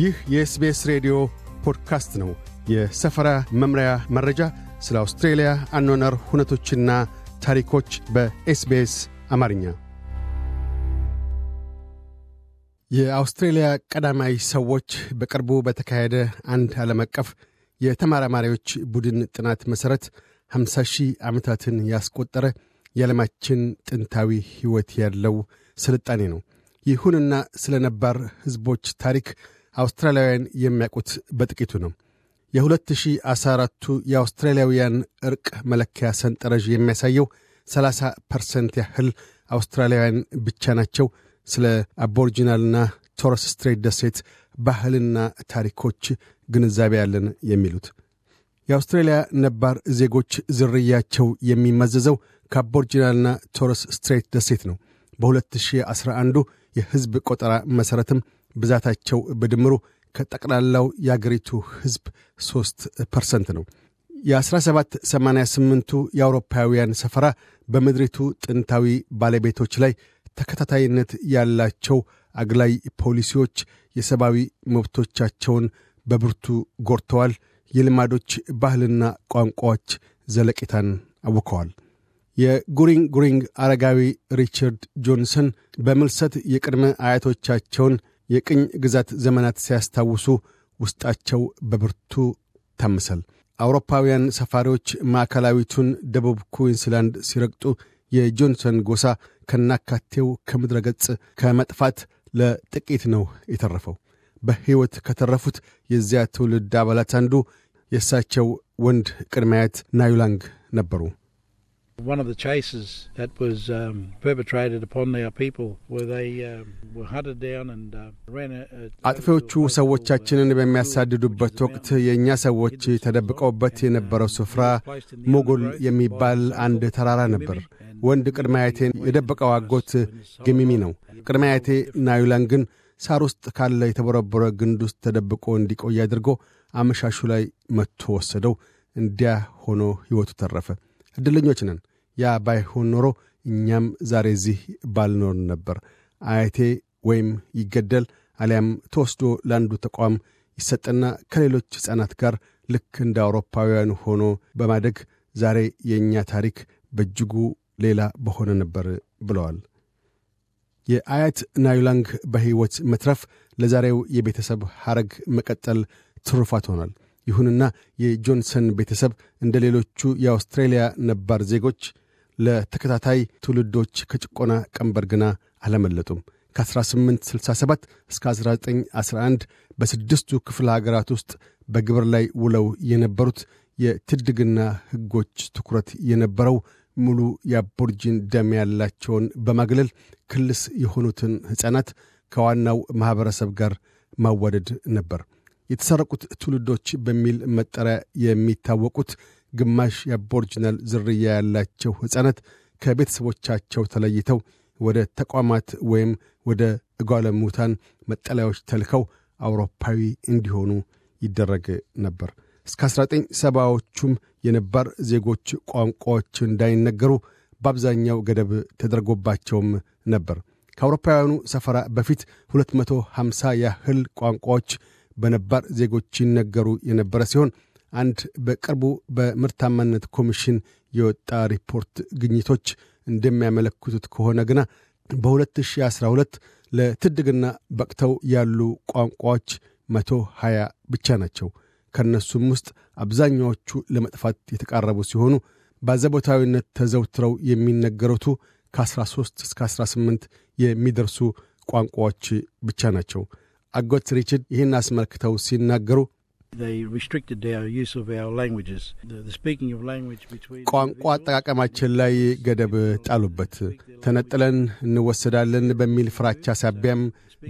ይህ የኤስቤስ ሬዲዮ ፖድካስት ነው። የሰፈራ መምሪያ መረጃ፣ ስለ አውስትሬልያ አኗኗር ሁነቶችና ታሪኮች በኤስቤስ አማርኛ። የአውስትሬልያ ቀዳማይ ሰዎች በቅርቡ በተካሄደ አንድ ዓለም አቀፍ የተመራማሪዎች ቡድን ጥናት መሠረት 50 ሺህ ዓመታትን ያስቆጠረ የዓለማችን ጥንታዊ ሕይወት ያለው ስልጣኔ ነው። ይሁንና ስለ ነባር ሕዝቦች ታሪክ አውስትራሊያውያን የሚያውቁት በጥቂቱ ነው። የ2014ቱ የአውስትራሊያውያን እርቅ መለኪያ ሰንጠረዥ የሚያሳየው 30 ፐርሰንት ያህል አውስትራሊያውያን ብቻ ናቸው ስለ አቦሪጂናልና ቶረስ ስትሬት ደሴት ባህልና ታሪኮች ግንዛቤ ያለን የሚሉት። የአውስትሬልያ ነባር ዜጎች ዝርያቸው የሚመዘዘው ከአቦርጂናልና ቶረስ ስትሬት ደሴት ነው። በ2011 የሕዝብ ቆጠራ መሠረትም ብዛታቸው በድምሩ ከጠቅላላው የአገሪቱ ሕዝብ 3 ፐርሰንት ነው። የ1788ቱ የአውሮፓውያን ሰፈራ በምድሪቱ ጥንታዊ ባለቤቶች ላይ ተከታታይነት ያላቸው አግላይ ፖሊሲዎች የሰብአዊ መብቶቻቸውን በብርቱ ጎድተዋል። የልማዶች ባህልና ቋንቋዎች ዘለቂታን አውከዋል። የጉሪንግ ጉሪንግ አረጋዊ ሪቻርድ ጆንሰን በምልሰት የቅድመ አያቶቻቸውን የቅኝ ግዛት ዘመናት ሲያስታውሱ ውስጣቸው በብርቱ ታምሳል። አውሮፓውያን ሰፋሪዎች ማዕከላዊቱን ደቡብ ኩዊንስላንድ ሲረግጡ የጆንሰን ጎሳ ከናካቴው ከምድረ ገጽ ከመጥፋት ለጥቂት ነው የተረፈው። በሕይወት ከተረፉት የዚያ ትውልድ አባላት አንዱ የእሳቸው ወንድ ቅድማያት ናዩላንግ ነበሩ። One of the chases that was um, perpetrated upon our people where they um, were hunted down and uh, ran a, a አጥፊዎቹ ሰዎቻችንን uh, በሚያሳድዱበት ወቅት የእኛ ሰዎች ተደብቀውበት uh, የነበረው ስፍራ ሞጎል የሚባል አንድ ተራራ ነበር። uh, ወንድ ቅድማያቴን የደበቀው አጎት ግሚሚ ነው። ቅድማያቴ ናዩላን ግን ሳር ውስጥ ካለ የተቦረቦረ ግንድ ውስጥ ተደብቆ እንዲቆይ አድርጎ አመሻሹ ላይ መጥቶ ወሰደው። እንዲያ ሆኖ ሕይወቱ ተረፈ። ዕድለኞች ነን። ያ ባይሆን ኖሮ እኛም ዛሬ ዚህ ባልኖር ነበር። አያቴ ወይም ይገደል አሊያም ተወስዶ ለአንዱ ተቋም ይሰጥና ከሌሎች ሕፃናት ጋር ልክ እንደ አውሮፓውያን ሆኖ በማደግ ዛሬ የእኛ ታሪክ በእጅጉ ሌላ በሆነ ነበር ብለዋል። የአያት ናዩላንግ በሕይወት መትረፍ ለዛሬው የቤተሰብ ሐረግ መቀጠል ትሩፋት ሆኗል። ይሁንና የጆንሰን ቤተሰብ እንደ ሌሎቹ የአውስትሬልያ ነባር ዜጎች ለተከታታይ ትውልዶች ከጭቆና ቀንበር ግና አላመለጡም። ከ1867 እስከ 1911 በስድስቱ ክፍለ ሀገራት ውስጥ በግብር ላይ ውለው የነበሩት የትድግና ሕጎች ትኩረት የነበረው ሙሉ የአቦርጂን ደም ያላቸውን በማግለል ክልስ የሆኑትን ሕፃናት ከዋናው ማኅበረሰብ ጋር ማዋደድ ነበር። የተሰረቁት ትውልዶች በሚል መጠሪያ የሚታወቁት ግማሽ የአቦርጅናል ዝርያ ያላቸው ሕፃናት ከቤተሰቦቻቸው ተለይተው ወደ ተቋማት ወይም ወደ እጓለሙታን መጠለያዎች ተልከው አውሮፓዊ እንዲሆኑ ይደረግ ነበር። እስከ 1970ዎቹም የነባር ዜጎች ቋንቋዎች እንዳይነገሩ በአብዛኛው ገደብ ተደርጎባቸውም ነበር። ከአውሮፓውያኑ ሰፈራ በፊት 250 ያህል ቋንቋዎች በነባር ዜጎች ይነገሩ የነበረ ሲሆን አንድ በቅርቡ በምርታማነት ኮሚሽን የወጣ ሪፖርት ግኝቶች እንደሚያመለክቱት ከሆነ ግና በ2012 ለትድግና በቅተው ያሉ ቋንቋዎች 120 ብቻ ናቸው። ከእነሱም ውስጥ አብዛኛዎቹ ለመጥፋት የተቃረቡ ሲሆኑ በዘቦታዊነት ተዘውትረው የሚነገሩቱ ከ13 እስከ 18 የሚደርሱ ቋንቋዎች ብቻ ናቸው። አጎት ሪችድ ይህን አስመልክተው ሲናገሩ ቋንቋ አጠቃቀማችን ላይ ገደብ ጣሉበት። ተነጥለን እንወሰዳለን በሚል ፍራቻ ሳቢያም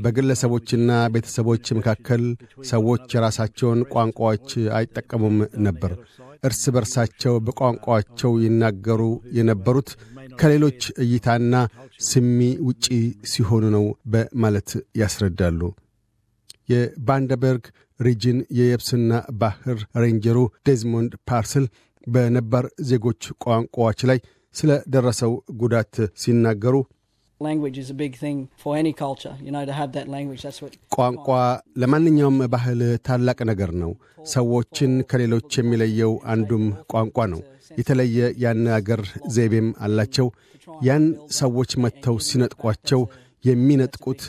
በግለሰቦችና ቤተሰቦች መካከል ሰዎች የራሳቸውን ቋንቋዎች አይጠቀሙም ነበር። እርስ በርሳቸው በቋንቋቸው ይናገሩ የነበሩት ከሌሎች እይታና ስሚ ውጪ ሲሆኑ ነው በማለት ያስረዳሉ። የባንደበርግ ሪጅን የየብስና ባህር ሬንጀሩ ዴዝሞንድ ፓርስል በነባር ዜጎች ቋንቋዎች ላይ ስለ ደረሰው ጉዳት ሲናገሩ ቋንቋ ለማንኛውም ባህል ታላቅ ነገር ነው። ሰዎችን ከሌሎች የሚለየው አንዱም ቋንቋ ነው። የተለየ አገር ዘይቤም አላቸው። ያን ሰዎች መጥተው ሲነጥቋቸው የሚነጥቁት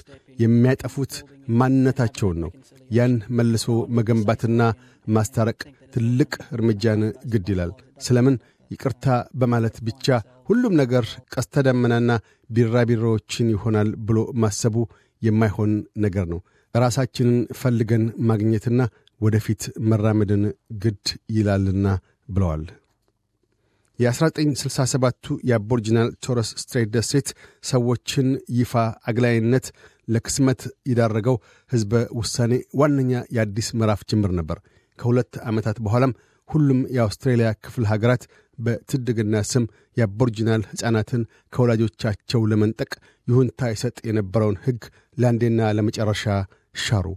የሚያጠፉት ማንነታቸውን ነው። ያን መልሶ መገንባትና ማስታረቅ ትልቅ እርምጃን ግድ ይላል። ስለምን ይቅርታ በማለት ብቻ ሁሉም ነገር ቀስተ ደመናና ቢራቢሮዎችን ይሆናል ብሎ ማሰቡ የማይሆን ነገር ነው። ራሳችንን ፈልገን ማግኘትና ወደፊት መራመድን ግድ ይላልና ብለዋል። የ1967ቱ የአቦርጂናል ቶረስ ስትሬት ደሴት ሰዎችን ይፋ አግላይነት ለክስመት የዳረገው ሕዝበ ውሳኔ ዋነኛ የአዲስ ምዕራፍ ጅምር ነበር። ከሁለት ዓመታት በኋላም ሁሉም የአውስትሬልያ ክፍል ሀገራት በትድግና ስም የአቦርጅናል ሕፃናትን ከወላጆቻቸው ለመንጠቅ ይሁንታ ይሰጥ የነበረውን ሕግ ለአንዴና ለመጨረሻ ሻሩ።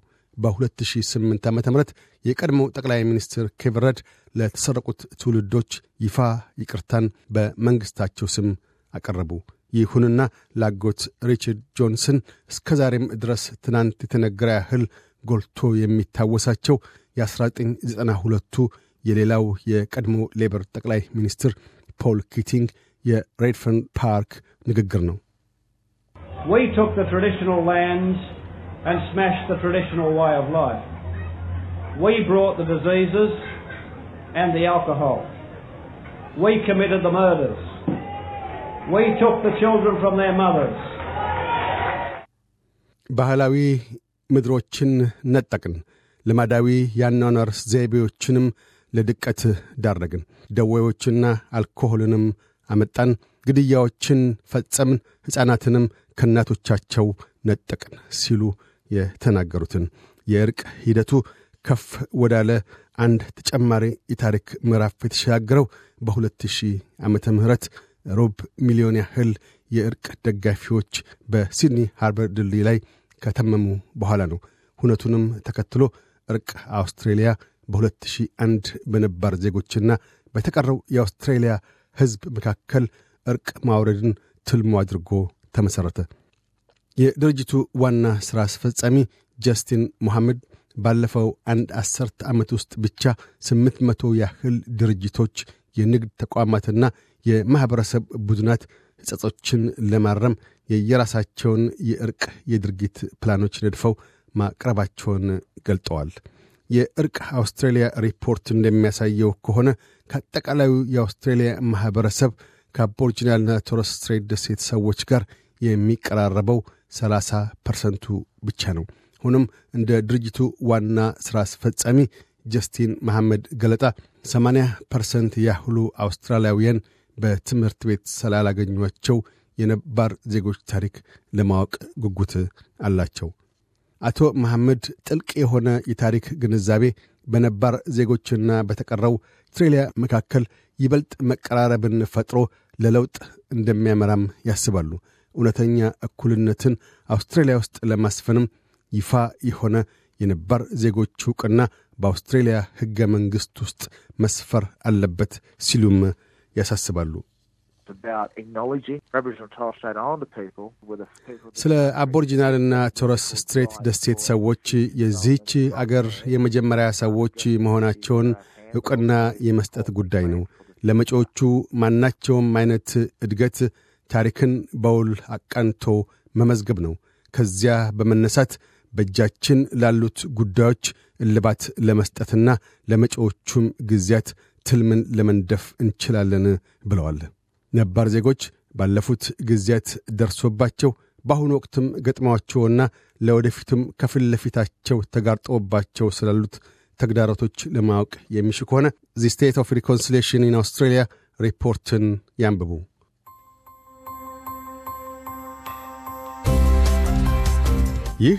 በ2008 ዓ ም የቀድሞው ጠቅላይ ሚኒስትር ኬቨን ረድ ለተሰረቁት ትውልዶች ይፋ ይቅርታን በመንግሥታቸው ስም አቀረቡ። ይሁንና ላጎት ሪቻርድ ጆንስን እስከ ዛሬም ድረስ ትናንት የተነገረ ያህል ጎልቶ የሚታወሳቸው የ1992ቱ የሌላው የቀድሞ ሌበር ጠቅላይ ሚኒስትር ፖል ኪቲንግ የሬድፈን ፓርክ ንግግር ነው We brought the diseases and the alcohol. We committed the murders. We took the children from their mothers. ባህላዊ ምድሮችን ነጠቅን፣ ልማዳዊ ያኗኗር ዘይቤዎችንም ለድቀት ዳረግን። ደዌዎችና አልኮሆልንም አመጣን። ግድያዎችን ፈጸምን፣ ሕፃናትንም ከእናቶቻቸው ነጠቅን ሲሉ የተናገሩትን የእርቅ ሂደቱ ከፍ ወዳለ አንድ ተጨማሪ የታሪክ ምዕራፍ የተሸጋገረው በ 0 ዓመተ ምህረት ሩብ ሚሊዮን ያህል የእርቅ ደጋፊዎች በሲድኒ ሃርበር ድልድይ ላይ ከተመሙ በኋላ ነው። ሁነቱንም ተከትሎ እርቅ አውስትሬልያ በ2001 በነባር ዜጎችና በተቀረው የአውስትሬልያ ሕዝብ መካከል እርቅ ማውረድን ትልሙ አድርጎ ተመሠረተ። የድርጅቱ ዋና ሥራ አስፈጻሚ ጀስቲን ሞሐመድ ባለፈው አንድ አሠርተ ዓመት ውስጥ ብቻ ስምንት መቶ ያህል ድርጅቶች የንግድ ተቋማትና የማኅበረሰብ ቡድናት ሕጸጾችን ለማረም የየራሳቸውን የእርቅ የድርጊት ፕላኖች ነድፈው ማቅረባቸውን ገልጠዋል። የእርቅ አውስትራሊያ ሪፖርት እንደሚያሳየው ከሆነ ከአጠቃላዩ የአውስትራሊያ ማኅበረሰብ ከአቦርጂናልና ቶረስ ስትሬት ደሴት ሰዎች ጋር የሚቀራረበው 30 ፐርሰንቱ ብቻ ነው። ሆኖም እንደ ድርጅቱ ዋና ሥራ አስፈጻሚ ጀስቲን መሐመድ ገለጣ 80 ፐርሰንት ያህሉ አውስትራሊያውያን በትምህርት ቤት ስላላገኟቸው የነባር ዜጎች ታሪክ ለማወቅ ጉጉት አላቸው። አቶ መሐመድ ጥልቅ የሆነ የታሪክ ግንዛቤ በነባር ዜጎችና በተቀረው ትሬሊያ መካከል ይበልጥ መቀራረብን ፈጥሮ ለለውጥ እንደሚያመራም ያስባሉ። እውነተኛ እኩልነትን አውስትሬልያ ውስጥ ለማስፈንም ይፋ የሆነ የነባር ዜጎች ዕውቅና በአውስትሬልያ ሕገ መንግሥት ውስጥ መስፈር አለበት ሲሉም ያሳስባሉ። ስለ አቦርጂናልና ቶረስ ስትሬት ደሴት ሰዎች የዚህች አገር የመጀመሪያ ሰዎች መሆናቸውን ዕውቅና የመስጠት ጉዳይ ነው። ለመጪዎቹ ማናቸውም አይነት እድገት ታሪክን በውል አቃንቶ መመዝገብ ነው። ከዚያ በመነሳት በእጃችን ላሉት ጉዳዮች እልባት ለመስጠትና ለመጪዎቹም ጊዜያት ትልምን ለመንደፍ እንችላለን ብለዋል። ነባር ዜጎች ባለፉት ጊዜያት ደርሶባቸው በአሁኑ ወቅትም ገጥመዋቸውና ለወደፊቱም ከፊት ለፊታቸው ተጋርጠውባቸው ስላሉት ተግዳሮቶች ለማወቅ የሚሽ ከሆነ ዚ ስቴት ኦፍ ሪኮንሲሌሽን ኢን አውስትራሊያ ሪፖርትን ያንብቡ። ይህ